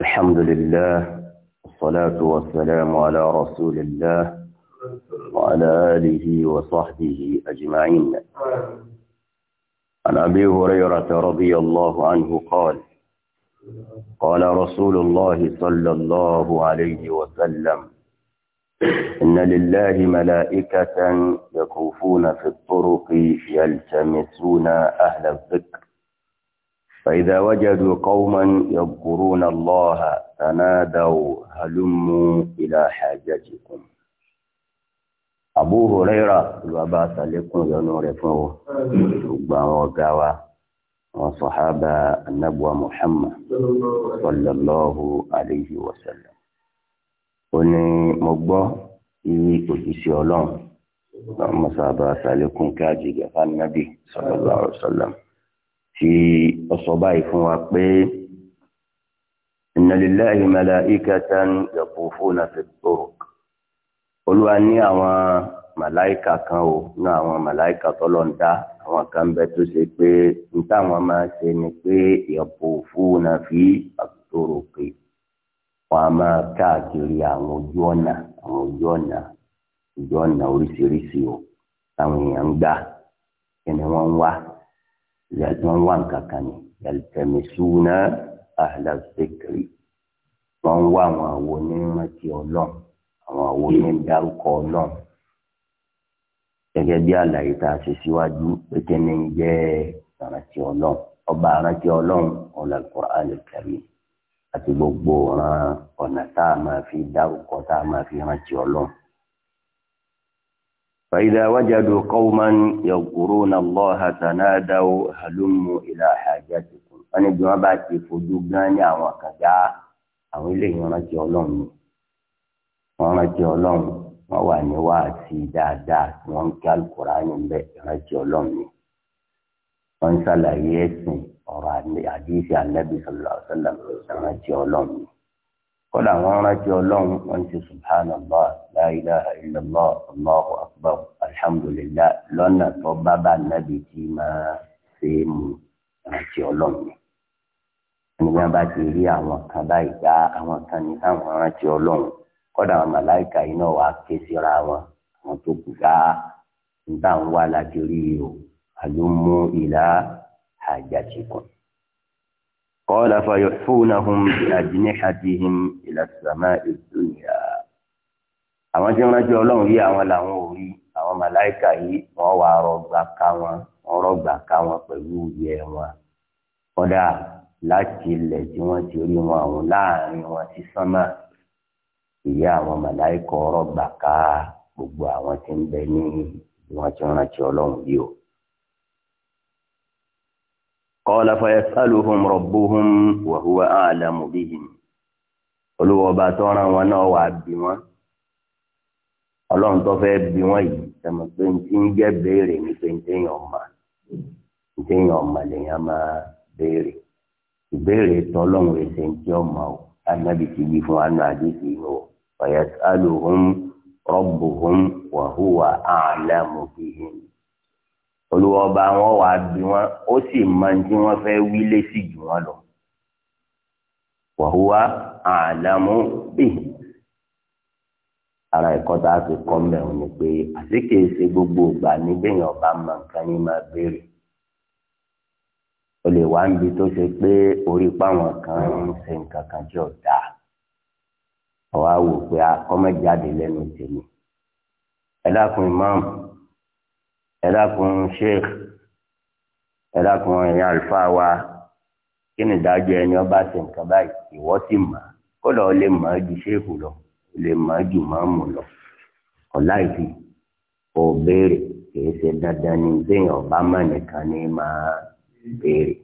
الحمد لله والصلاة والسلام على رسول الله وعلى آله وصحبه أجمعين عن أبي هريرة رضي الله عنه قال قال رسول الله صلى الله عليه وسلم إن لله ملائكة يطوفون في الطرق يلتمسون أهل الذكر فإذا وجدوا قوما يذكرون الله تنادوا هلموا إلى حاجتكم Abu Huraira bàbá àtàlékún ìyọnu rẹ̀ fún ọ gbogbo àwọn ọ̀gá wa àwọn sọ̀hábà anábùwà Muhammad sallallahu alayhi wa sallam ó ní mo gbọ́ iye òjíṣẹ́ ọlọ́run lọ́mọ sábà àtàlékún káàjì tí ó sọ báyìí fún wa pé inna lillahi malaikatan yatufuna fit turuq olúwa ní àwọn màláìkà kan o ní àwọn màláìkà tọ́lọ́ ń dá àwọn kan bẹ tó ṣe pé n táwọn máa ṣe ni pé yatufuna fi at-turuqi wọn a máa káàkiri àwọn ojú ọ̀nà àwọn ojú ọ̀nà ojú ọ̀nà oríṣiríṣi o táwọn èèyàn ń gbà kí ni wọ́n ń wá ìyá tí wọ́n wá nǹkan kan ni yàtẹ̀mísúná àhàlà zikri wọ́n wá àwọn àwo onírántí ọlọ́run àwọn àwo onídàrúkọ ọlọ́run gẹ́gẹ́ bí àlàyé tá a ṣe síwájú pé kí ni jẹ́ ìrántí ọlọ́run ọba ìrántí ọlọ́run Al-Qur'an Al-Karim àti gbogbo ọ̀nà tá a máa fi dárúkọ tá a máa fi rántí ọlọ́run. فإذا وجدوا قوما يذكرون الله تنادوا هلموا إلى حاجتكم أنا جوابات فوجوغاني أو كذا أو إليه ونجي أولوني ونجي أولوني wọ́n wà ní wá àti dáadáa tí wọ́n ń kí alukóraní bẹ ìrántí Ọlọ́run ni wọ́n ń ṣàlàyé ẹ̀sìn ọ̀rọ̀ àdìsí alẹbi sọlọ ọsẹlẹ ìrántí Ọlọ́run ni kódà wọ́n rántí Ọlọ́run wọ́n ti subhanallah la ilaha illallah allahu akbar alhamdulillah lọ́nà tó bá bá nàbì tí máa ṣe é mu àti ọlọ́run ni. ẹni bí wọ́n bá ti rí àwọn kan báyìí dá àwọn kan ní káwọn rántí ọlọ́run kọ́dà àwọn màláìka yìí náà ké síra wọn àwọn tó kù ká níta ń wá láti rí i o àlùmú ìlà àjàtìkùn. قال فيحفونهم بأجنحتهم إلى السماء الدنيا àwọn tí wọ́n rántí ọlọ́run yìí àwọn làwọn ò rí àwọn màláìkà yìí wọ́n wà rọgbà ká wọn rọgbà ká wọn pẹ̀lú ìyẹ́ wọn kódà láti ilẹ̀ tí wọ́n ti rí wọn àwọn láàrin wọn ti sánmà ìyá àwọn màláìkà rọgbà ká gbogbo àwọn tí ń bẹ ní bí o. قال فيسألهم ربهم وهو أعلم بهم ọlọ́run tó fẹ́ bí wọ́n yìí tẹ̀mọ̀ pé n ń jẹ́ béèrè ní pé n téèyàn ọ̀mà n téèyàn ọ̀mà lèèyàn máa béèrè ìbéèrè ọlọ́run ń o anábì ti yí fún anú si o ọ̀yà alùhùn rọ́bùhùn wàhùwà àlámù bìhìn olùwọ́ba wọn wà bí wọn ó sì máa ń tí wọ́n fẹ́ ara ẹ̀kọ́ tá a fi kọ́ mẹ́rin ni pé àti kìí ṣe gbogbo ìgbà ní bẹ́yìn ọba máa nǹkan ní máa béèrè o lè wá níbi tó ṣe pé orí páwọn kan ń ṣe nǹkan kan tí ò dáa ọwọ́ pé akọ́mọ́jáde ah, lẹ́nu tèmi ẹ imam ẹ dákun sheikh ẹ dákun ẹ̀yin àlùfáà wa kí ni ìdájọ́ ẹni ọba ṣe nǹkan báyìí ìwọ sì mọ̀ kó lọ́ọ́ lè mọ̀ ẹ́ ju sheikh lọ lè má jù má mú lọ ọláìfi kò béèrè kìí ṣe dandan ní bẹ́ẹ̀ ọba má nìkan ní máa béèrè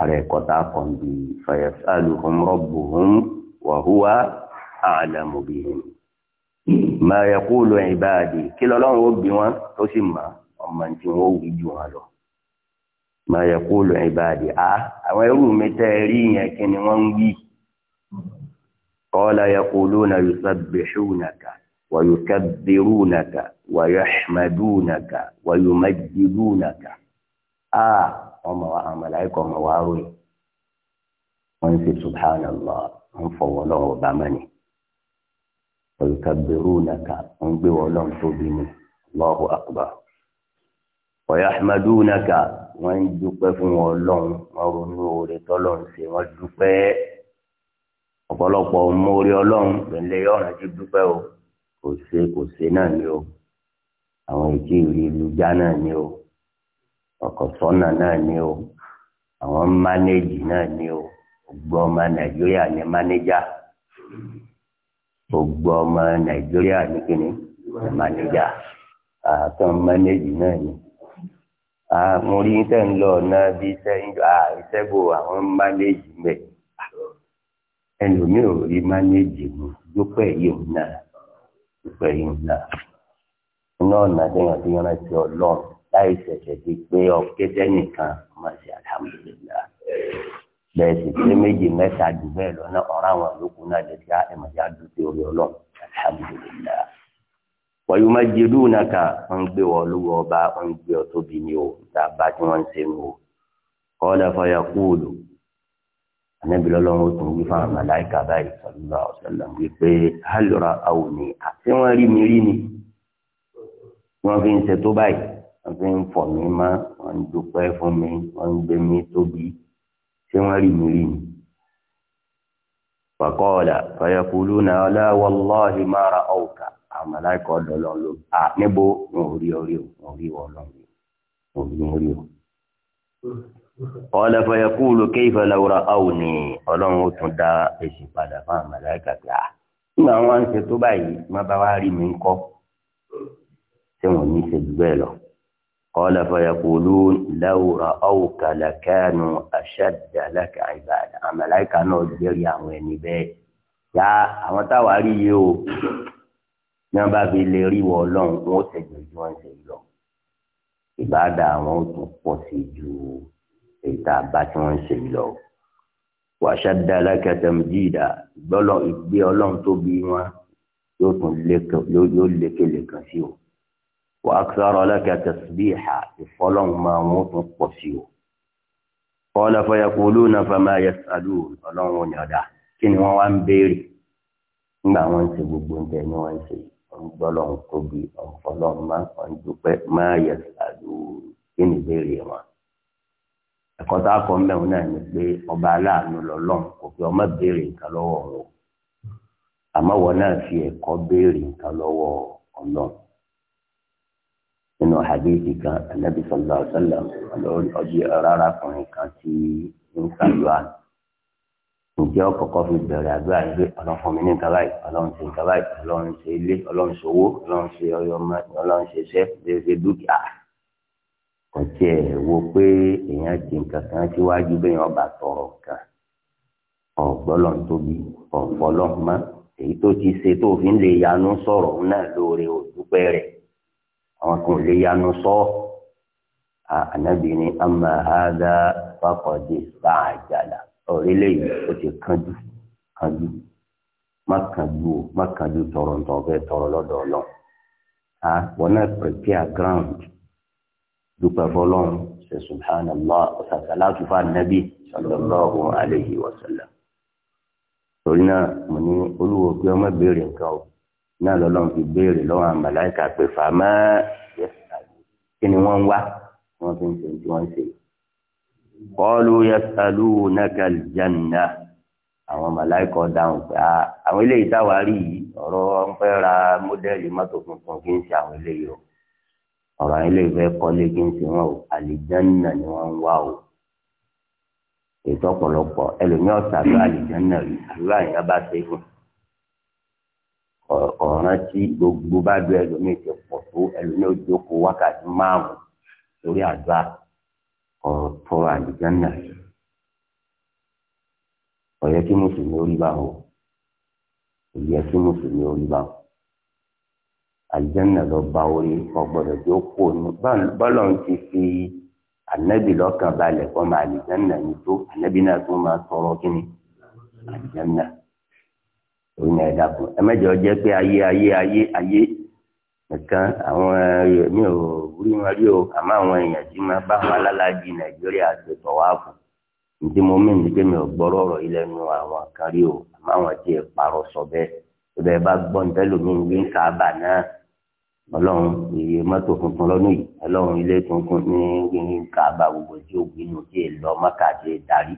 ara ẹ̀kọ́ tá a kàn bí fayasaluhum rabbuhum wa huwa a'lamu bihim ma yaqulu ibadi kí lọ́lọ́run ó bí wọn tó sì mọ̀ ọmọ tí wọ́n wí jù wọn lọ ma yaqulu ibadi a ah, àwọn ẹrú mi tẹ́ rí yẹn kí ni wọ́n ń wí. قال يقولون يسبحونك ويكبرونك ويحمدونك ويمجدونك آه ọmọ wa àwọn màláíkà ọmọ wa ròyìn wọ́n ń ṣe subhanallah wọ́n fọwọ́ lọ́wọ́ ọba mọ́ni wa yukabbirunaka wọ́n gbé wọ́n lọ́n tóbi ní Allahu akbar wa yahmadunaka wọ́n dúpẹ́ fún wọn lọ́n wọ́n ronú oore tọ́lọ́n ṣe wọ́n dúpẹ́ ọ̀pọ̀lọpọ̀ mórí ọlọ́run pẹ̀lẹ́ ọ̀ràn ti dúpẹ́ o kò ṣe kò ṣe náà ni o àwọn ètí ìrì ìlújá náà ni o ọkọ̀ sọ́nà náà ni o àwọn mánéjì náà ni o gbogbo ọmọ nàìjíríà ní mánéjà gbogbo ọmọ nàìjíríà ní kíni mánéjà àtọ́n mánéjì náà ni mo rí tẹ̀ ń lọ ọ̀nà bí iṣẹ́ ń jọ iṣẹ́ bò àwọn mánéjì mẹ́ẹ̀ ẹlòmíì ò rí mánéèjì mu dúpẹ́ yìí ń nà dúpẹ́ yìí ń nà iná ọ̀nà téèyàn fi yànnà sí ọlọ́run láì ṣẹ̀ṣẹ̀ ti pé ọ̀kẹ́tẹ́ nìkan máa ṣe alhamdulilah bẹ́ẹ̀ sì pé méjì mẹ́ta jù bẹ́ẹ̀ lọ ọ̀rọ̀ àwọn àlòkù náà lè ká ẹ̀mọ̀já dúpẹ́ orí ọlọ́run alhamdulilah wọ́n máa jẹ lóun náà ká wọ́n gbé wọ́n lówó ọba wọ́n gbé ọ tóbi o tá bá tí wọ́n ń ṣe o kọ́ anabi lọ́lọ́run ó tún wí fún àmàláìka báyìí sallallahu alaihi wasallam wípé hálùrà àwọn ni àti wọ́n rí mi rí ni wọ́n fi ń ṣe tó báyìí wọ́n fi ń fọ̀ mí mọ́ wọ́n ń dúpẹ́ fún mi wọ́n ń gbé mi tóbi ṣé wọ́n rí mi rí ni. fàkọ́ọ̀dà fàyẹ̀kùlù náà láwọ́láhì máa ra ọ̀kà àmàláìka ọ̀dọ́lọ́ ló à níbo wọn ò rí orí o wọn ò rí wọn lọ́wọ́ wọn ò rí orí o ọ̀lẹ́ fẹ̀yẹ̀kúlù kéfẹ́ lẹ́wọ́ra àwùní ọlọ́run ó tún dá èsì padà fún àmàlẹ́kà pé à ah, nígbà wọn ń ṣe tó báyìí má bá wá rí mi ń kọ́ tí wọn ní ṣe jù bẹ́ẹ̀ lọ. ọ̀lẹ́ fẹ̀yẹ̀kúlù lẹ́wọ́ra àwù kàlẹ́kẹ́nu àṣẹ̀dálẹ́kẹ́ ìbàdàn àmàlẹ́kà náà jẹ́rìí àwọn ẹni bẹ́ẹ̀ yá àwọn táwa rí yìí o ní wọn bá fi lè rí wọ ọlọ́run wọn ó ṣèjì ju wọn ṣe lọ ìbáàdà àwọn ó tún pọ̀ sí ju ìta bá tí wọ́n ń ṣe lọ. wàṣàdá alákàtàmjídà gbọ́lọ́ ìgbé ọlọ́run tó bí wọn yóò tún lékele kan sí o. wà á sọ̀rọ̀ alákàtàsbíhà ìfọlọ́run máa wọ́n tún pọ̀ sí o. kọ́lá fayakulu náà fama yasalu ọlọ́run ò kí ni wọ́n wá ń béèrè nígbà wọn ń ṣe gbogbo ń tẹ ní wọn ń ṣe wọn gbọ́lọ́run tóbi ọ̀nfọlọ́run máa ń dúpẹ́ máa yasalu kí ni béèrè wọn ẹ̀kọ́ tá a kọ́ ń bẹ̀rù náà ni pé ọba aláàánú lọ́lọ́run kò fi ọmọ béèrè nǹkan lọ́wọ́ òun àmọ́ wọn náà fi ẹ̀kọ́ béèrè nǹkan lọ́wọ́ ọlọ́run nínú hadithi kan anabi sallallahu alaihi wa sallam ọjọ́ rárá kùnrin kan tí ń sàlùwà ǹjẹ́ ọkọ̀ọ̀kọ́ fi bẹ̀rẹ̀ àdúrà yìí pé ọlọ́run fún mi ní nǹkan báyìí ọlọ́run ṣe nǹkan báyìí ọlọ́run ṣe ilé ọlọ́run ṣe owó ọlọ́run ṣe ọyọ ọmọ ọlọ́run ṣe iṣẹ́ ṣe dúkìá kò tiẹ̀ wo pé èèyàn ti nǹkan kan síwájú bẹ́ẹ̀ ọba tọrọ kan ọ̀gbọ́lọ̀ tóbi ọ̀fọ́lọ́ mọ́ èyí tó ti ṣe tó fi ń lè yanu sọ̀rọ̀ náà lóore òdúpẹ́ rẹ̀ àwọn kan lè yanu sọ ànábì ni ama ada fakọdé sàájàlá ọ̀rẹ́lẹ̀ yìí ó ti kánjú kánjú má kánjú o má kánjú tọrọ ntọ́ fẹ́ tọrọ lọ́dọ̀ wọn náà prepare ground dúpẹ́ fọlọ́run ṣe subhanallah ọ̀sàkàlátù fún anabi sallallahu alayhi wa sallam. torí náà mo ní olúwo pé ọmọ béèrè nǹkan o náà lọ́lọ́run fi béèrè lọ́wọ́ àmàláìka pé fàmà kí ni wọ́n ń wá wọ́n fi ń ṣe tí wọ́n ń ṣe. qalu yasalunaka al-janna àwọn màláìka dáhùn pé àwọn eléyìí táwa rí yìí ọ̀rọ̀ ń fẹ́ ra mọ́tò tuntun kì í ṣe àwọn eléyìí o ọ̀rọ̀ àwọn ilé ìfẹ́ kọ́lé kí n ṣe wọn o àlìjánà ni wọ́n ń wá o ètò ọ̀pọ̀lọpọ̀ ẹlòmíràn tàbí àlìjánà rí àdúrà yẹn bá ṣe fún ọ̀ràn tí gbogbo bá do ẹlòmíràn ti pọ̀ tó ẹlòmíràn jókòó wákàtí márùn-ún lórí àdúrà ọ̀rọ̀ tọrọ àlìjánà rí ọ̀yẹ́ kí mùsùlùmí ó rí báwọn ò yẹ kí mùsùlùmí ó rí báwọn alijanna lọ bá orí ọgbọdọ tó kó nu bọlọ ń ti fi anabi lọ́kàn balẹ̀ kọ ma alijanna ní tó anabi náà tó máa sọ̀rọ̀ kíni alijanna orí náà ẹ̀dá kun ẹmẹjọ jẹ pé ayé ayé ayé ayé nìkan àwọn mi ò rí wọn rí o àmọ́ àwọn èèyàn tí máa bá wọn alálàájì nàìjíríà ṣètò wá fún ntí mo mí ní pé mi ò gbọ́rọ̀ ọ̀rọ̀ yìí lẹ́nu àwọn kan rí o àmọ́ àwọn tí ì parọ́ sọ bẹ́ẹ̀ bẹ́ẹ̀ bá gbọ́ ntẹ́lómi ń gbé ń náà ọlọ́run iye mọ́tò tuntun lọ́dún yìí ọlọ́run ilé tuntun ní yíyín kaaba gbogbo tí ó gbinú tí è lọ mọ́kà tí è darí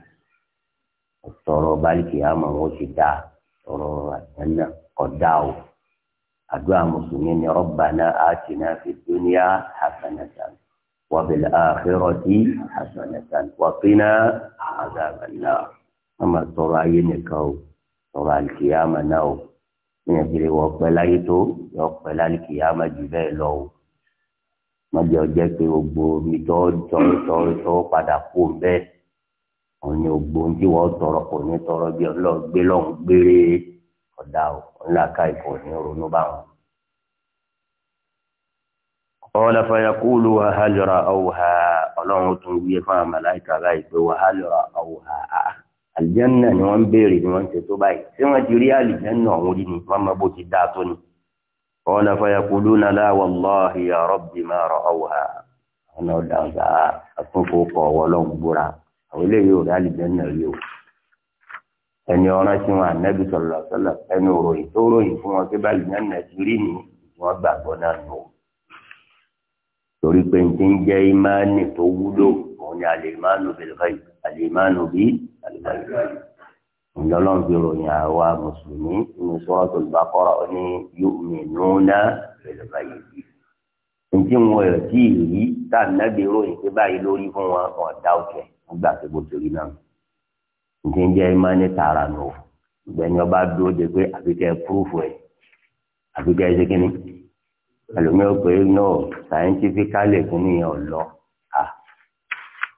ọ̀tọ̀rọ̀ báríkì àmọ́ wọn ti dá ọ̀rọ̀ àjẹ́nà kọ̀dá o àdúrà mùsùlùmí ni rabbana atina fid dunya hasanatan wa bil akhirati hasanatan wa qina azaban nar wọ́n tọrọ ayé nìkan o tọrọ àlùkìyàmọ̀ náà o ìyẹn fi lè wọ pẹ́ tó yọ pẹ́ láyé kì í á má jù bẹ́ẹ̀ lọ o má jẹ́ ọjẹ́ pé mi tọ́ tọ́ tọ́ tọ́ padà kú bẹ́ẹ̀ òun ni gbogbo ohun tí wọ́n tọrọ kò ní tọrọ bí ọlọ́ọ̀ gbé lọ́hùn gbére ọ̀dà o ńlá ká ìkọ̀ ní ronú bá wọn. قال فيقول وهل رأوها ọlọ́run tún wí fún àmàlà ìkàrà ìpè وهل رأوها àlìjẹ́nà ni wọ́n ń béèrè ni wọ́n ń ṣe tó báyìí tí wọ́n ti rí àlìjẹ́nà ọ̀hún rí ni wọ́n mọ bó ti dáa tó ni. ọ̀nà fayakulu nala wàlláhi ya rabbi ma rọ ọ̀wà ọ̀nà ọ̀dàǹsà àtúnkò kọ̀ wọlọ́hún búra àwọn eléyìí ò rí àlìjẹ́nà rí o. ẹni ọ̀ràn tí wọn ànábì sọ̀rọ̀ sọ̀rọ̀ ẹni òròyìn tó ròyìn fún wọn pé bá àlìjẹ́nà ńlọ́lọ́n fi ròyìn àwa mùsùlùmí ní Suratul Baqara ní yu'minuna bil ghaibi. ntí wọn ò tí ì rí tá a nàbí ròyìn pé báyìí lórí fún wọn ọ̀dà òkè nígbà tó bó torí náà ntí ń jẹ́ imá ní tààrà nù ìgbẹ́ni ọba dúró de pé àbíkẹ́ púrúfù ẹ̀ àbíkẹ́ ẹ̀ ṣe kínní ẹlòmíràn pé náà scientifically kínní yẹn ọ̀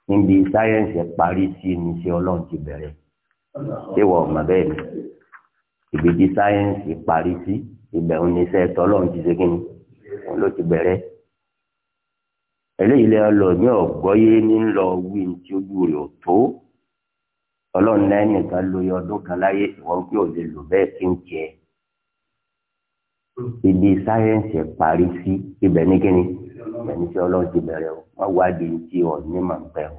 níbi sáyẹ́ǹsì parí sí ní ṣe ọlọ́run ti bẹ̀rẹ̀ ṣé wọ́n ọ̀mọ̀ bẹ́ẹ̀ ni ibi tí sáyẹ́ǹsì parí sí ibẹ̀ òun ni iṣẹ́ ẹ̀tọ́ ti ṣe kí ni òun ló ti bẹ̀rẹ̀ eléyìí lè lọ ní ọ̀gbọ́yé ní lọ wí tí ojú rẹ̀ ò tó ọlọ́run náà lóye ọdún kan láyé ìwọ́n pé ò lè lò bẹ́ẹ̀ kí n tiẹ̀ ibi sáyẹ́ǹsì parí sí ibẹ̀ ní kí ni mẹ́ni tí ọlọ́run bẹ̀rẹ̀ o wọ́n wádìí tí ọ̀ ní màá pẹ́ o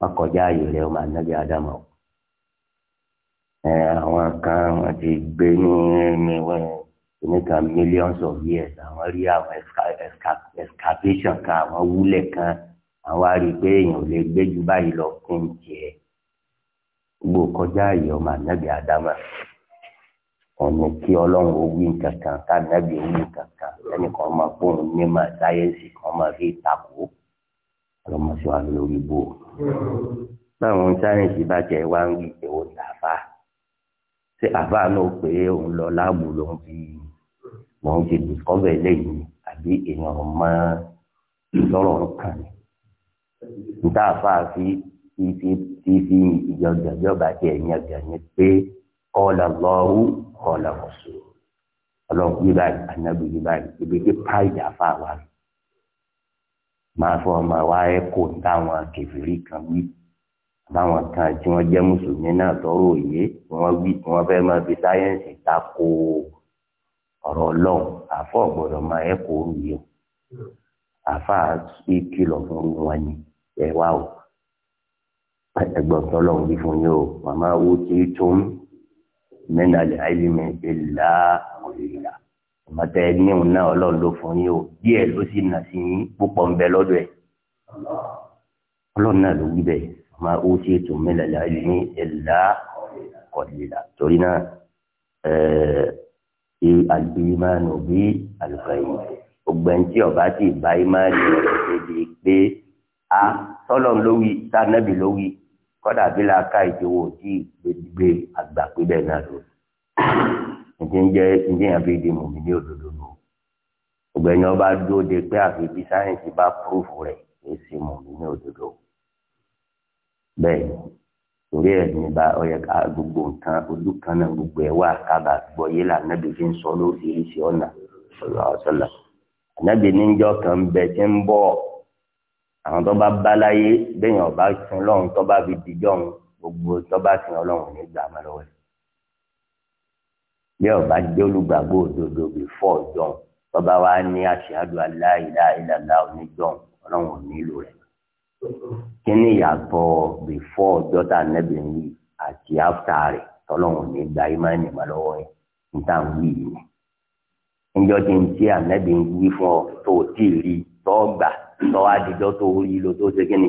wọ́n kọjá ààyè rẹ̀ o máa nábì ádámà o. ẹ àwọn kan wọ́n ti gbé ní ní oníkan millions of years àwọn rí àwọn excavation kan àwọn wúlẹ̀ kan àwọn á rí i pé èèyàn ò lè gbé ju báyìí lọ fún tiẹ̀ gbogbo kọjá ààyè ọmọ ànábì ádámà ọ̀nì kí ọlọ́run ó wí kankan kánábì ó wí kankan ẹnìkan máa pọ́n ní ma sáyẹ́nsì kan máa fi takò ọlọ́mọṣẹ́ wa lórí bò ó. báwọn sáyẹ́nsì bá jẹ́ wá ń wí pé ó là fà ṣé àfà náà pé òun lọ láàbù lòun fi lòun ti discover lẹ́yìn àbí èèyàn mọ ìlọ́rọ̀ kan ni. níta àfà fi fi fi ìjọba ìjọba tiẹ̀ yẹn gàn ní pé kọ́ọ̀lá lọ́rù kọ́ọ̀lá kọ̀sù ọlọ́run yí báyìí anábì yí báyìí ibi tí páìdì àfa wa máa fọ ọmọ wa ẹ kó táwọn kẹfìrí kan wí báwọn kan tí wọ́n jẹ́ mùsùlùmí náà tọrọ òye wọ́n wí wọ́n fẹ́ẹ́ máa fi sáyẹǹsì ta ko ọ̀rọ̀ ọlọ́run àfọ gbọ́dọ̀ máa ẹ kó òru yìí o àfa ìkìlọ̀ fún wọn ni ẹ wá o ẹgbọn tọlọ́run bí fún yín o màmá wo ti tún mẹ́nà lè àìlè mi ìlà ìlà ọmọdé níhùn náà ọlọ́run ló fún yín o díẹ̀ ló sì nà sí yín púpọ̀ ń bẹ lọ́dọ̀ ẹ̀ ọlọ́run náà ló wí bẹ́ẹ̀ ọmọ ó sì tún mẹ́nà lè àìlè mi ìlà ìlà torí náà ṣe àgbéyìmánu bí àlùfẹ́yìn ògbẹ́ntì ọ̀bá ti bá ìmánu rẹ̀ débi pé a tọ́lọ́run ló wí tá nábì ló wí kọ́dà bí làákà ìjòwò tí gbẹdúgbẹ àgbà pílẹ̀ náà lò ǹjẹ́ ń jẹ́ ǹjẹ́ yẹn fi di mùmí ní òdodo nù ọgbẹ́ni ọba dúró de pé àfi bí sáyẹ̀nsì bá púrúfù rẹ̀ kì í sì mùmí ní òdodo bẹ́ẹ̀ torí ẹ̀ ní bá ọyẹ ká gbogbo nǹkan ojú kan náà gbogbo ẹ̀ wà kábà gbọ́ yé là nábì fi ń sọ lóríṣiríṣi ọ̀nà ọ̀sọ̀là ànábì níjọ́ kan bẹ tí ń bọ̀ àwọn tó bá bá láyé bẹ́yìn ọba sin lọ́hùn tó bá fi dìjọ́ òun gbogbo tó bá sin ọlọ́hùn nígbà má lọ́wọ́ ẹ̀. bí ọba jẹ́ olùgbàgbọ́ òdodo bí fọ́ ọjọ́ tó bá wá ní ashhadu an la ilaha illallah oníjọ́ ọlọ́hùn nílò rẹ̀. kí ni ìyàtọ̀ bí fọ́ ọjọ́ tá a nẹ́bi yìí àti áfítà rẹ̀ tọ́lọ́hùn nígbà ìmánì má lọ́wọ́ níta ń wí yìí. ń lọ́wọ́ àdìjọ́ tó rí lo tó ṣe kíni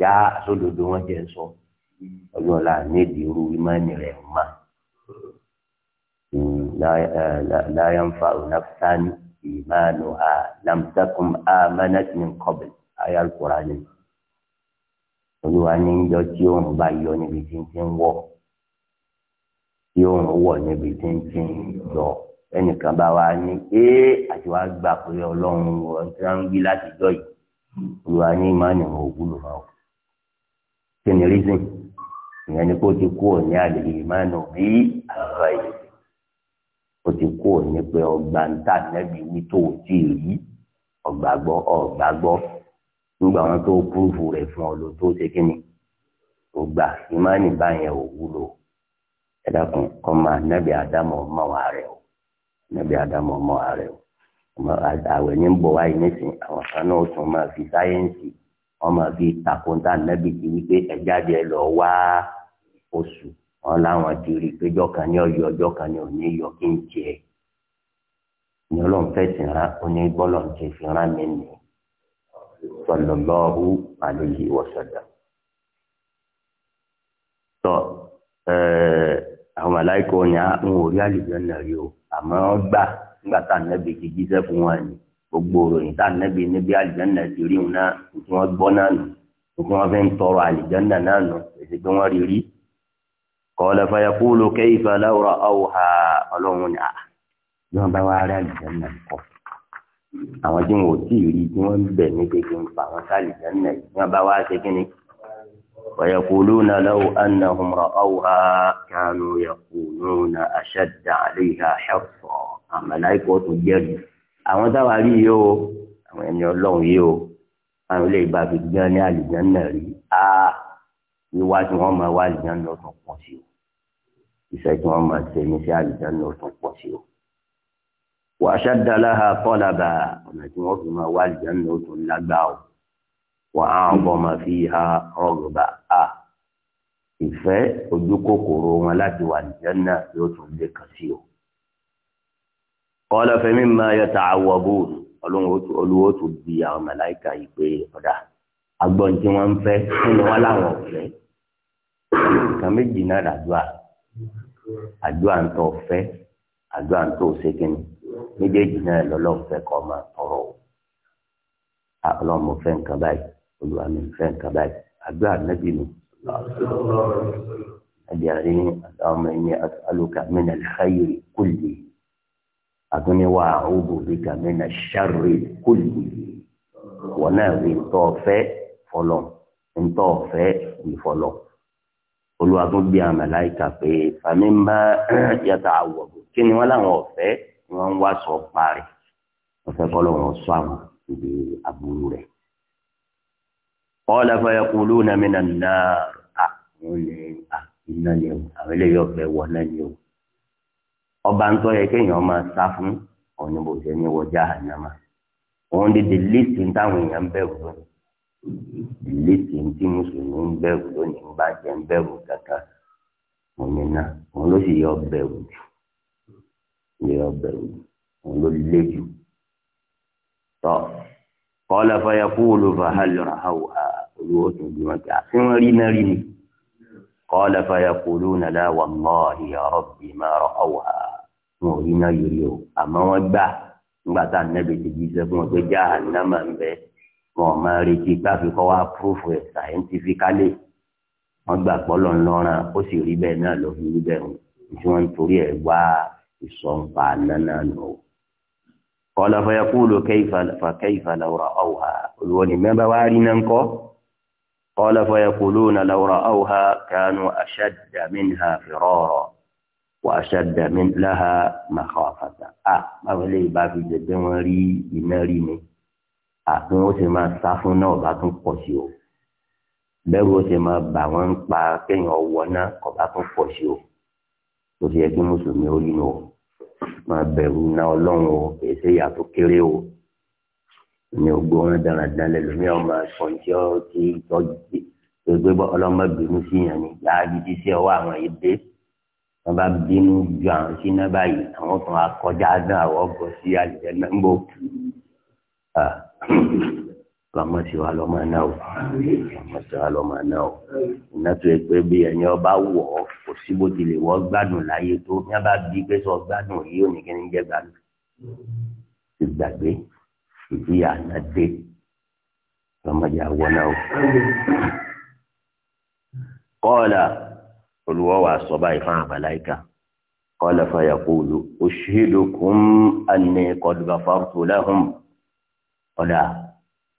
já sódodo wọn jẹ́ sọ ọjọ́ ọ̀la nídìí irú ìmọ̀ni rẹ̀ mà láyọ̀ eh, ń fa ònàfisàn ìmánu ha lamtakum amanat min qabl ayé alukóra ni olúwa ní ń jọ tí òun bá yọ níbi tí ń ti ń wọ̀ tí òun wọ̀ níbi tí ń ti ń yọ ẹnìkan bá wa ní ee àti wàá gbà pé ọlọ́run wọn tí wọ́n ń wí láti jọ yìí olùwà ní ìmánì wọn ò wúlò máa wò kí ni reason ìyẹn ni kó o ti kú òní àlè ìmánì bí àgbà yìí o ti kú òní pé ọgbà ń tà nẹ́bí wí tó o ti rí ọgbàgbọ́ ọgbàgbọ́ nígbà wọn tó púrúfù rẹ̀ fún ọ ló tó ṣe kí ni ọgbà ìmánì báyẹn ò wúlò ẹ dákun ọmọ ànábì àdámọ̀ ọmọ wa rẹ̀ o. nàbí àdámọ̀ ọmọ ààrẹ o àwẹ̀ ní ń bọ̀ wáyé nísìnyí àwọn kan náà tún máa fi sáyẹ́ǹsì wọ́n máa fi takunta nàbí ti wípé ẹ̀jáde lọ wá oṣù wọn láwọn ti rí i pé ọjọ́ kan ní ọyọ ọjọ́ kan ní òní yọ kí n jẹ ní ọlọ́run rán oní bọ́lọ̀ ń ti fi o. àmọ́ wọ́n gbà nígbà tá ànábì ti jíṣẹ́ fún wọn ni gbogbo òròyìn tá ànábì níbi àlìjánná ti rí wọn náà tí wọ́n gbọ́ náà nù tí wọ́n fi ń tọrọ àlìjánná náà nù èsì pé wọ́n rí rí kọ́lẹ̀ fayakúlù kayfa law ra'awha ọlọ́run ni àà bí wọ́n bá wá rí àlìjánná kọ́ àwọn tí wọn ò tí ì rí tí wọ́n bẹ̀ ní kékeré pa àwọn sáàlìjánná yìí ويقولون لو أنهم رأوها كانوا يقولون أشد عليها حرصا àmàláìkò tó jẹ́rìí àwọn táwa rí yìí o àwọn ẹni ọlọ́run yìí o àwọn ilé ìgbà fi gbẹ́ ní àlùján náà rí a wíwá tí wọ́n máa wá àlùján náà tún pọ̀ sí o iṣẹ́ tí wọ́n máa ṣe ní sí àlùján náà tún pọ̀ sí o. wàá ṣàdálà ha kọ́lá bá ọ̀nà tí wọ́n fi máa wá àlùján náà tún lágbá o wà á ọgbọ́n máa fi ha rọgbà á ìfẹ́ ojú kòkòrò wọn láti wà nìjánná yóò tún lè kàn sí o. kọ́lá fẹ́mi máa yọ tààwọ̀ bóòlù olówó tó di àwọn màláìka yìí pé ọ̀dà agbọ́n tí wọ́n ń fẹ́ nínú wọn láwọn ọ̀fẹ́ nǹkan méjì náà dàdúrà àdúrà ń tọ́ fẹ́ àdúrà ń tó sékìnnì méjèèjì náà lọ́lọ́run kọ́ máa tọrọ o mo fẹ́ nǹkan báyìí olúwa mi fẹ́ nǹkan báyìí àgbà ànábì mi. ẹbí àrí àwọn ẹni alùkà mẹ́nà xayiri kùlì àtúnníwá àwòbò bí kà mẹ́nà sàrè kùlì wọn náà rí ntọ́ fẹ́ fọlọ́ ntọ́ fẹ́ wí fọlọ́ olúwa tún bí àwọn pé fàmí ń yàtọ̀ àwọ̀bù kí ni wọ́n láwọn ọ̀fẹ́ ni wá sọ parí wọ́n fẹ́ kọ́ lọ́wọ́ sọ àwọn ibi àbúrò rẹ̀ qala fayaquluna minan nar àwọn ah, ilẹ̀ ah, iná ni o àwọn ilé yóò fẹ́ wọ náà ni o ọba ń tọ́ yẹ kéèyàn máa sá fún ọ̀nìbòsè ní wọjá ànámà òun di the least in táwọn èèyàn ń bẹ̀rù lónìí the least in tí mùsùlùmí ń bẹ̀rù lónìí ń bá jẹ́ ń bẹ̀rù kankan mo náà òun ló sì yọ bẹ̀rù jù yọ bẹ̀rù òun ló lé jù tọ́ kọ́lá fàyà kúlù fàhálùrà hàwù à olùwò tó bí wọn kà fún rí náà rí ni kọ́lá fàyà kúlù nàlá wà lọ́ọ̀hì ọ̀rọ̀ bì máa rọ̀ hàwù à wọn ò rí náà yìí rí o àmọ́ wọn gbà nígbà tá ànábì ti jí sẹ́kún wọn pé já ànámà ń bẹ wọn ò retí káfí kọ́ wá púrúfù ẹ̀ sàyẹ́ntìfíkálì wọn gbà pọ́lọ́ ńlọ́ràn ó sì rí bẹ́ẹ̀ náà lọ́ fi rí bẹ́ẹ̀ tí wọ́n ń torí ẹ̀ wá ìsọ̀npa nánà nù o kọ́lá fayakúlù kẹ́ìfà làwùrà ọ̀hà olùwọ́n ni mẹ́bàá wá rí náà ń kọ́ kọ́lá fayakúlù náà làwùrà ọ̀hà kánú aṣáàdàmínà fìrọ́rọ̀ wà aṣáàdàmínláha màkàfàtà. a báwo lè bá fi jẹjẹ wọn rí iná rí ni àti wọn sì máa sá fún náà bá tún pọ̀ sí o bẹ́ẹ̀ wọ́n sì máa bà wọ́n ń pa kéèyàn wọ náà kọ́ bá tún pọ̀ sí o tó ti yẹ kí mùsùlùmí ó rí nù o máa bẹ̀rù ná ọlọ́run o kìí ṣe ìyàtọ̀ kéré o ní ogbó wọn dáradára lẹ́lòmíì ọmọ àṣọǹtì ọtí tọ́jú gbogbo bọ́ ọlọ́mọ bínú sí yàn ni láàbí tí sí ọwọ́ àwọn yìí dé wọn bá bínú ju àwọn sí iná báyìí àwọn kan akọjá náà àwọn ọgbọ sí àlùjẹ náà ń bọ̀ kàmọ́ sí wa lọ́mọ náà o kàmọ́ sí wa lọ́mọ náà o iná tó yẹ pé bí ẹni ọba wọ̀ ọ́ kò sí bó ti wọ́ gbádùn láyé tó ní abá bí pé sọ gbádùn yìí ò ní kí ni jẹ́ gbádùn ti gbàgbé ìdíyà náà dé lọ́mọdé àwọ̀ náà o. kọ́ọ̀là olùwọ́ wa sọ báyìí fún àbáláìka kọ́ọ̀là fàyà kúlù òṣèlú kún àní kọ́dùbà fáwọn tó láhùn ọ̀dà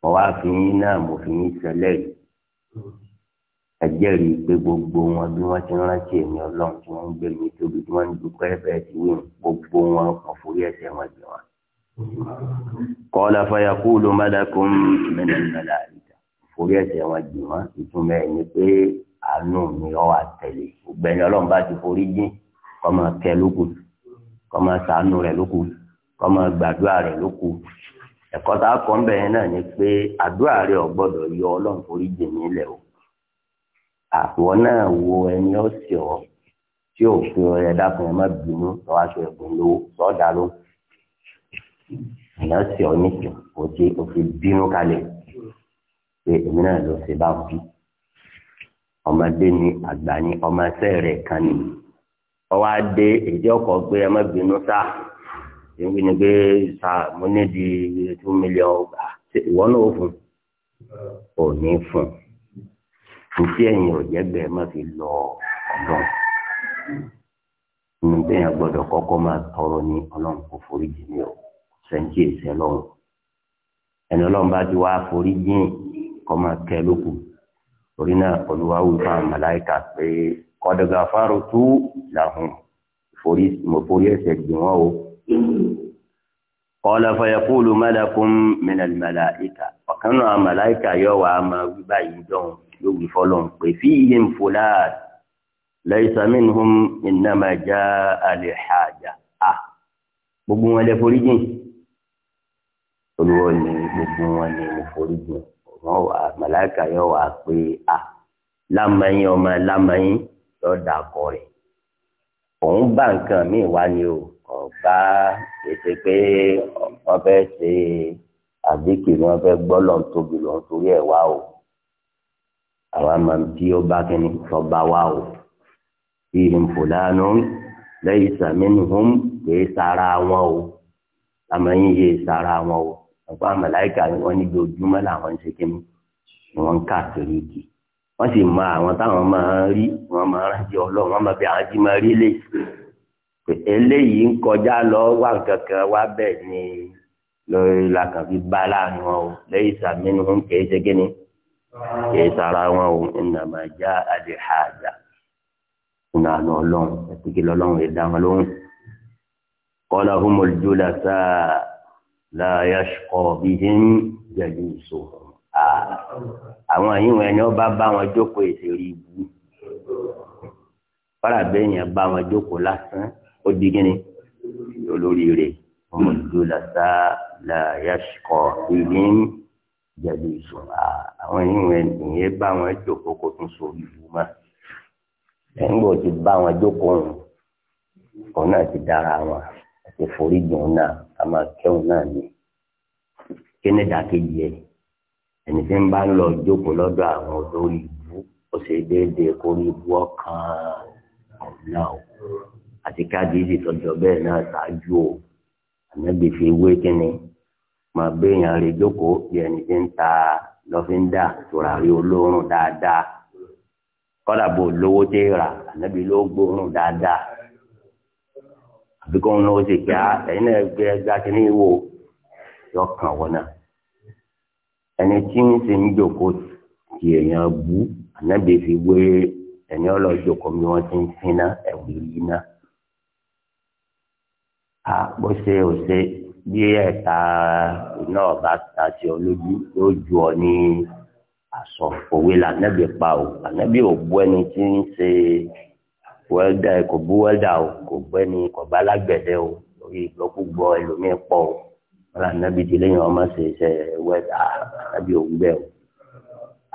mo wá fi yín náà mo fi yín sẹlẹ̀ yìí ẹ jẹ́rìí pé gbogbo wọn bí wọ́n ti rántí èmi ọlọ́run tí wọ́n ń gbé mi tóbi tí wọ́n ń dúpẹ́ bẹ́ẹ̀ ti wí gbogbo wọn kàn fún ẹsẹ̀ wọn jẹ wọn. kọ́lá fayakúlù mádàkùn mẹ́lẹ̀ mẹ́lẹ̀ àríkà forí ẹsẹ̀ wọn jì wọ́n ìtumọ̀ ẹ̀ ni pé àánú mi ọ́ wà tẹ̀lé ọ̀gbẹ́ni ọlọ́run bá ti forí jìn kọ́ máa kẹ́ lókù kọ́ máa sàánú rẹ̀ lókù kọ́ máa gbàdúrà rẹ̀ lókù ẹ̀kọ́ tá a kọ́ ńbẹ̀ yẹn náà ni pé àdúrà rẹ ò gbọ́dọ̀ yọ ọlọ́run forí jì mí lẹ̀ o àwọ̀ náà wo ẹni ọ̀sẹ̀ ọ́ tí ò fi ọ̀rẹ́ dákun ẹ̀ má bínú lọ́wọ́ aṣọ ẹ̀bùn lówó sọ́ọ̀dà ló ẹ̀yàn ọ̀sẹ̀ ọ́ nìkì kò tí o fi bínú kalẹ̀ pé èmi náà ló ṣe bá fi ọmọdé ni àgbà ni ọmọ ẹsẹ̀ rẹ̀ kan ni ọwọ́ adé èdè ọkọ̀ gbé ẹ má bínú sáà èmi ni pé sa mo ní di two million ìwọ náà ó fún uh. ò ní fún ìfí ẹ̀yìn òjẹ́gbẹ́ má fi lọ ọ̀dọ́ inú bẹ́ẹ̀ gbọ́dọ̀ kọ́kọ́ máa tọrọ ní ọlọ́run kò forí jì mí o sẹ́ńtì èsì ọlọ́run ẹni ọlọ́run bá ti wá forí jìn kọ́ máa kẹ́ lókù torí náà olùwàwí fún àmàláìkà pé kọ́dọ̀gà fáró tú làhùn forí ẹ̀ṣẹ̀ gbìn wọ́n o kọ́lá fayakúlù mẹ́lẹ́kùn mìíràn mẹ́láìkà ọ̀kan náà mẹ́láìkà yóò wá máa wí báyìí dán yóò wí fọlọ́ pé fi iye ń fò láà lẹ́yìn sàmìn hùm ìnáma já àlè hàjà à gbogbo wọn lè forí jìn olùwọ́ ni gbogbo wọn ni mo forí jìn wọn wà mẹ́láìkà yóò wá pé à lámàyín ọmọ lámàyín lọ́ọ́ dà kọ́ rẹ̀ òun bá nǹkan míì wá ni o ọba ètè pé wọn fẹ́ ṣe àdékè ni wọn fẹ́ gbọ́ lọ́n tóbi lọ́n torí ẹ̀ wá o àwa máa ń tí ó bá kíni tọ́ba wá o bí nfòlánú lẹ́yìn sàmínúhùn pé sára wọn o àmọ́yìn yé sára wọn o ọ̀pọ̀ àmàláìkà ni wọ́n níbi ojúmọ́ làwọn ń ṣe kíni wọ́n ń káàkiri kì wọ́n sì mọ àwọn táwọn máa ń rí wọ́n máa ń rántí ọlọ́run wọ́n máa bí àwọn jí máa rí lè pé eléyìí ń kọjá lọ wà kankan wá bẹ́ẹ̀ ni lórí làkàn fi bá láàrin wọn o lẹ́yìn sàmínú ń kéé ṣe kíni kéé sara wọn o ìnàmà já àdè hàjà ìnànà ọlọ́run ẹ̀sìnkì lọ́lọ́run lè wọn lóhùn. kọ́lá humul julasa la yashqa bihim jalisuhum. àwọn àyìnwó ẹni ọba bá wọn jókòó èsì rí ibu. fọ́nà yẹn bá wọn jókòó lásán ó di gíní olóríire ọmọ ìlú làtà làyàṣkọ ìlú jẹ̀bi ìṣòro àwọn ènìyàn ìyẹn bá wọn jókòó kó tún so ìlú mọ́ lẹ́yìn bó ti bá wọn jókòó òun òun náà ti dára wọn àti foríjì òun náà a máa kẹ́hùn náà ni kíni dàkejì ẹ ẹni tí ń bá ń lọ jókòó lọ́dọ̀ àwọn olórí ìlú ó ṣe déédéé kó ní ibú ọkàn ọ̀la àti káàdìsì tọjọ bẹ́ẹ̀ náà ṣáájú o ànábì fi wé kínní máa béèyàn rè jókòó bí ẹni tí ń ta lọ́fíńdà tùràrí olóòórùn dáadáa kọ́dà bò lówó tẹ́ rà ànábì ló gbóòórùn dáadáa àbí kó ń lọ sí kí á ah, ẹ̀yin náà gbé ẹgbẹ́ kínní wò yọ kàn wọ́n náà ẹni tí ń ṣe ń jókòó ti èèyàn bú ànábì fi wé ẹni ọlọ́jọ́ kọ́ mi wọ́n ti ń sin ẹ̀wù yìí náà a bó ṣe ò ṣe bí ẹ̀ka iná ọ̀bá ta sí ọ lójú yóò ju ọ ní àsọ òwe lànàbì pa o lànàbì ò bú ẹni tí ń ṣe wẹ́lda kò bú wẹ́lda o kò bú ẹni kò bá lágbẹ̀dẹ o lórí ìgbọ́kúgbọ́ ẹlòmíín pọ̀ o wọn lànàbì ti lẹ́yìn ọmọ ṣe ṣe wẹ́lda lànàbì ò gbẹ o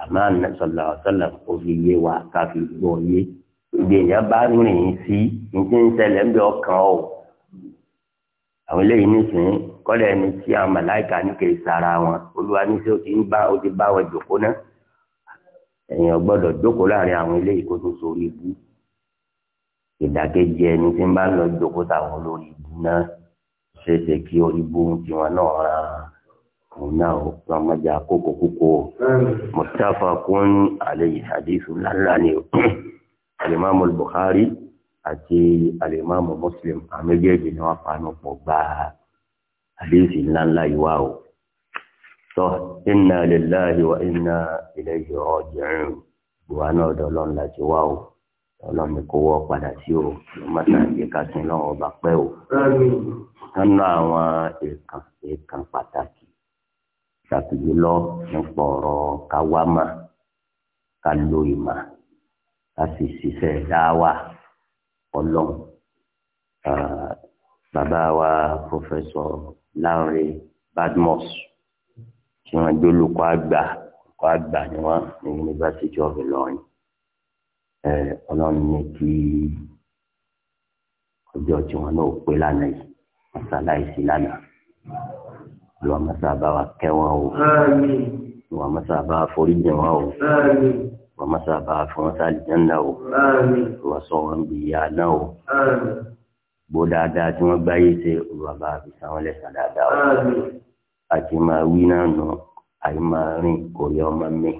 àmọ́ ànàṣọlá ọ̀ṣọ́lá kò fi yé wa ká fi gbọ́ yé ìgbìyànjú bá rìn sí ní ti ń ṣẹlẹ̀ ń bẹ ọkàn o àwọn eléyìí nísìnyí kọ́lẹ̀ ẹni tí àwọn màláìka ní kì í sara wọn olúwa ní sí ó ti ń bá ó ti bá wọn jòkó náà èèyàn gbọ́dọ̀ jókòó láàrin àwọn eléyìí kó tó sórí ibú ìdàkejì ẹni tí ń bá lọ jókòó táwọn olórí ibú náà ṣeéṣe kí orí ibú tiwọn náà ràn án náà ọmọdé àkókò kókó mustapha kún àlejò hadith ńláńlá ni alimami bukhari àti alimami muslim àmẹjẹẹjì ni wọn fanu pọ̀ gbáà àdéhìsì ńláńlá yìí wá o tọ inna lillahi wa inna ilayhi raji'un ìwà náà dọlọ́n láti wá o ọlọ́run ni kó wọ́ padà sí o mọ́tà ìkàsìn náà ọba pẹ́ o nínú àwọn èèkàn èèkàn pàtàkì ṣàpèjì lọ nípa ọ̀rọ̀ káwámà ká lo ìmà ká sì ṣiṣẹ́ ọlọ́run bàbá wa pòfẹ́sọ̀ Láńrè Badmus tí wọ́n jẹ́ olùkọ́ àgbà olùkọ́ àgbà ni wọ́n ní yunifásitì of Ìlọrin ọlọ́run ní kí ọjọ́ tí wọ́n náà pé lánàá yìí wọ́n ṣàláìsí lánàá ìwà mọ́sàbá wa kẹ́ o ìwà mọ́sàbá forí jẹ wọn o wàmásà bá fún sàlìjánná o wàsọ wọn bìyà náà o bó dáadáa tí wọn gbáyé ṣe olùwàbá fi sáwọn lẹsàn dáadáa o àti máa wí náà nù àyè máa rìn òye ọmọ mi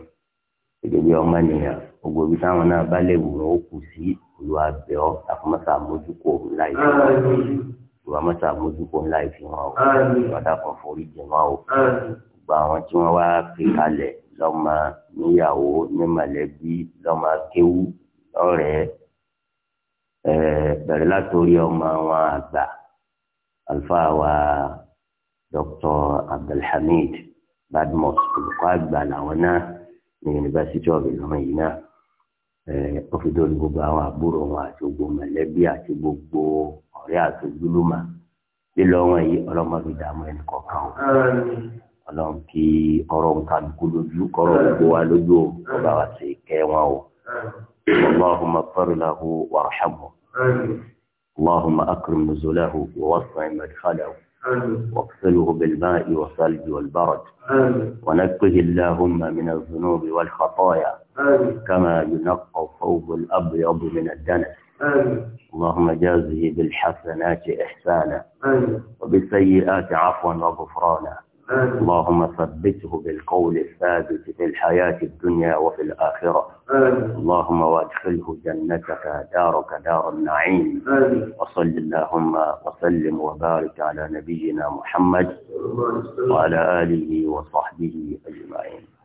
gẹ́gẹ́ bí ọmọ nìyàn gbogbo ibi táwọn náà bá lè wù wọn ó kù sí olùwàbẹ ọ àfọmọsà mójúkò láì ìwàmọ́sà mójúkò ńlá ìfihàn o ìwádà kan forí jẹ wọn o gbogbo àwọn tí wọ́n wá fi kalẹ̀ lọ́mọ níyàwó ní mọ̀lẹ́bí lọ́mọ kéwú lọ́rẹ̀ẹ́ bẹ̀rẹ̀ látòrí ọmọ wọn àgbà àlùfáà wa Dr. Abdulhamid Badmus olùkọ́ àgbà làwọn náà ní yunifásitì ọ̀bẹ lọ́mọ yìí náà ó fi dórí gbogbo àwọn àbúrò wọn àti gbogbo mọ̀lẹ́bí àti gbogbo ọ̀rẹ́ àti ojúlùmọ̀ lílọ wọn yìí ọlọ́mọ fi dààmú ẹnì kọ̀ọ̀kan ọlọ́run kí ọ̀rọ̀ وارحمه lójú kọ́rọ̀ gbogbo wa lójú ọba wa o واغسله بالماء والثلج والبرد ونقه اللهم من الذنوب والخطايا كما ينقى الثوب الابيض من الدنس اللهم جازه بالحسنات احسانا وبالسيئات عفوا وغفرانا اللهم ثبته بالقول الثابت في الحياة الدنيا وفي الآخرة اللهم وادخله جنتك دارك دار النعيم وصل اللهم وسلم وبارك على نبينا محمد وعلى آله وصحبه أجمعين